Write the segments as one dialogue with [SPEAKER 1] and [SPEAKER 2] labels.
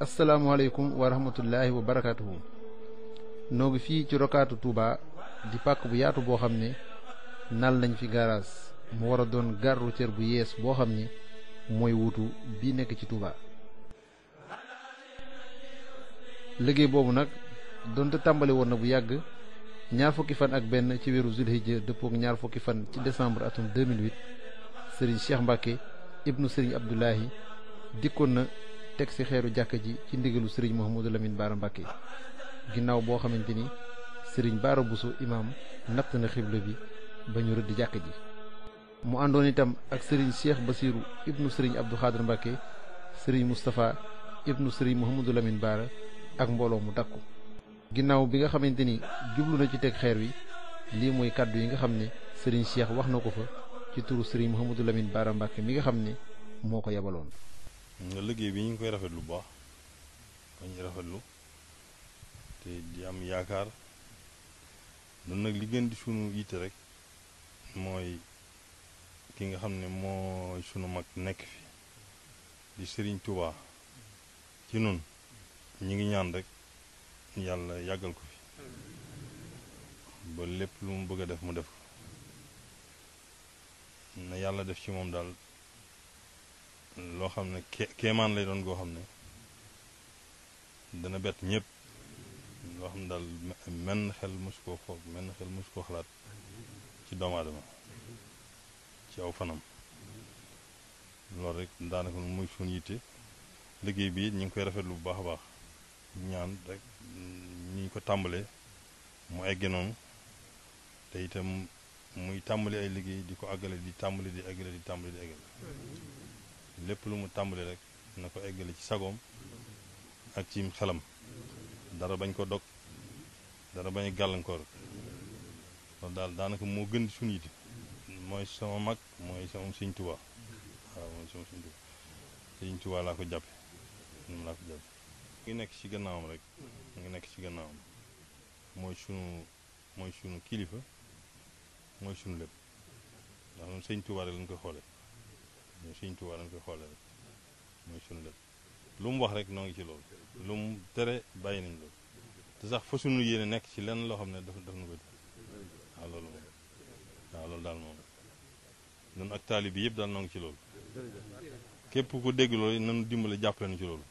[SPEAKER 1] asalaamaaleykum wa rahmatullahi wa barakaatuhu noo gi fii ci rokaatu Touba di pàkk bu yaatu boo xam ne nal nañ fi garage mu war a doon gare routière bu yees boo xam ni mooy wuutu bi nekk ci Touba. liggéey boobu nag doonte tàmbali woon na bu yàgg ñaar fukki fan ak benn ci weeru zulhijja dëppook ñaar fukki fan ci décembre atum 2008 Serigne Cheikh Mbacke ibnu Serigne Abdoulahi dikkoon na. teg si xeeru jàkk ji ci ndigalu sëriñ Mouhamadou Lamine Baara Mbacke ginnaaw boo xamante ni sëriñ Baara Bousso imaam natt na xibla bi ba ñu rëdd jàkka ji. mu àndoon itam ak sëriñ Cheikh Basirou ibnu sëriñ Abdou Khadr Mbacke sëriñ Moustapha ibnu sëriñ Mouhamadou Lamine Baara ak mbooloo mu dakku ginnaaw bi nga xamante ni jublu na ci teg xeer wi lii mooy kàddu yi nga xam ne sëriñ Cheikh wax na ko fa ci turu sëriñ Mouhamadou Lamine Baara Mbacke mi nga xam ne moo ko yabaloon.
[SPEAKER 2] nga liggéey bi ñu ngi koy rafet lu baax dañuy rafetlu te di am yaakaar nun nag li gën di sunu yitte rek mooy ki nga xam ne mooy sunu mag nekk fi di sëriñ Touba ci nun ñu ngi ñaan rek yàlla yàggal ko fi ba lépp lu mu bëgg a def mu def ko na yàlla def ci moom daal loo xam ne kéemaan lay doon goo xam ne dana bett ñëpp loo xam ne daal menn xel mos koo foog menn xel mos koo xalaat ci doomu aadama ci aw fanam loolu rek daanaka muy suñ yitte liggéey bi ñu ngi koy rafetlu bu baax a baax ñaan rek ñu ko tàmbalee mu egge noonu te itam muy tàmbali ay liggéey di ko àggale di tàmbali di àggale di tàmbali di àggale lépp lu mu tàmbali rek na ko eggale ci sagoom ak ci xelam dara bañ ko dog dara bañ gàllankoor loolu daal daanaka moo gën di suñu yite mooy sama mag mooy sama Sëñ Tuubaa waaw mooy sama Sëñ Tuubaa laa ko jàppe mu ngi nekk ci gannaawam rek mu ngi nekk ci gannaawam mooy sunu mooy sunu kilifa mooy sunu lépp ndax moom Sëñ Tuubaa rek lañ ko xoolee mais Sëñ Tuubaa lañ koy xoole rek mooy sunu lépp lu mu wax rek noo ngi ci loolu lu mu tere bàyyi nañ loolu te sax fa sunu yéene nekk ci lenn loo xam ne daf daf na ko waaw loolu moom waaw loolu daal moom noonu ak taali bi yëpp daal noo ngi ci loolu képp ku dégg loolu nanu dimbale jàppale nu ci loolu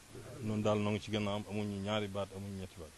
[SPEAKER 2] noonu daal noo ngi ci am amuñu ñaari baat amuñu ñetti baat